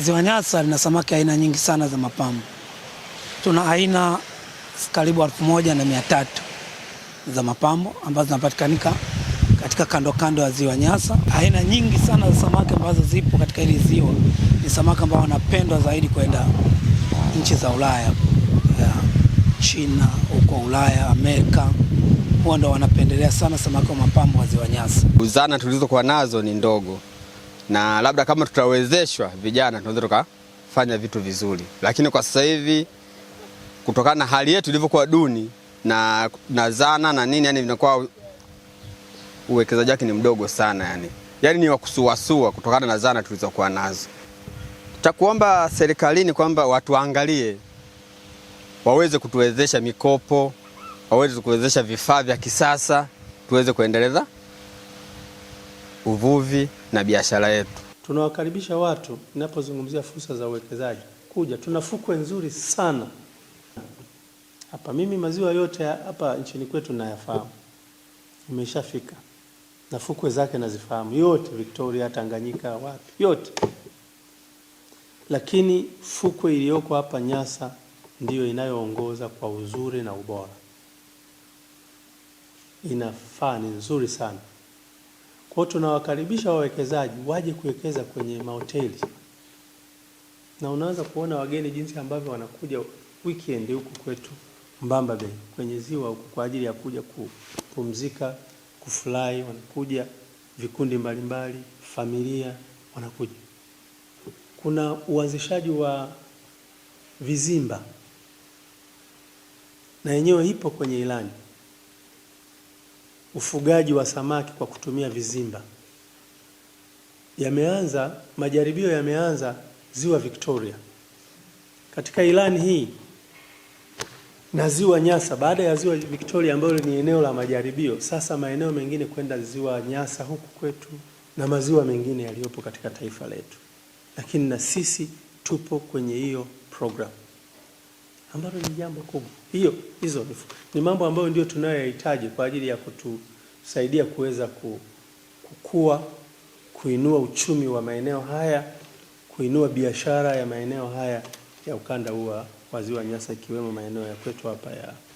Ziwa Nyasa lina samaki aina nyingi sana za mapambo. Tuna aina karibu elfu moja na mia tatu za mapambo ambazo zinapatikanika katika kando kando ya Ziwa Nyasa. Aina nyingi sana za samaki ambazo zipo katika hili ziwa ni samaki ambao wanapendwa zaidi kwenda nchi za Ulaya, China, huko Ulaya, Amerika huwa ndo wanapendelea sana samaki wa mapambo wa Ziwa Nyasa. Uzana tulizokuwa nazo ni ndogo na labda kama tutawezeshwa vijana tunaweza tukafanya vitu vizuri, lakini kwa sasa hivi kutokana na hali yetu ilivyokuwa duni na, na zana na nini yani vinakuwa uwekezaji wake ni mdogo sana yani, yani ni wakusuasua kutokana na zana tulizokuwa nazo. Cha kuomba serikalini kwamba watuangalie, waweze kutuwezesha mikopo, waweze kutuwezesha vifaa vya kisasa tuweze kuendeleza uvuvi na biashara yetu. Tunawakaribisha watu, ninapozungumzia fursa za uwekezaji, kuja. Tuna fukwe nzuri sana hapa. Mimi maziwa yote hapa nchini kwetu nayafahamu, nimeshafika na fukwe zake nazifahamu yote, Victoria, Tanganyika, wapi yote, lakini fukwe iliyoko hapa Nyasa ndiyo inayoongoza kwa uzuri na ubora. Inafaa, ni nzuri sana. Kwa tunawakaribisha wawekezaji waje kuwekeza kwenye mahoteli, na unaweza kuona wageni jinsi ambavyo wanakuja weekend huku kwetu Mbamba Bay kwenye ziwa huku kwa ajili ya kuja kupumzika, kufurahi. Wanakuja vikundi mbalimbali, familia wanakuja. Kuna uanzishaji wa vizimba na yenyewe ipo kwenye ilani ufugaji wa samaki kwa kutumia vizimba. Yameanza majaribio, yameanza ziwa Victoria katika ilani hii na ziwa Nyasa. Baada ya ziwa Victoria ambalo ni eneo la majaribio, sasa maeneo mengine kwenda ziwa Nyasa huku kwetu na maziwa mengine yaliyopo katika taifa letu, lakini na sisi tupo kwenye hiyo program ambalo ni jambo kubwa. Hiyo hizo ni mambo ambayo ndio tunayoyahitaji kwa ajili ya kutusaidia kuweza kukua, kuinua uchumi wa maeneo haya, kuinua biashara ya maeneo haya ya ukanda huu wa Ziwa Nyasa ikiwemo maeneo ya kwetu hapa ya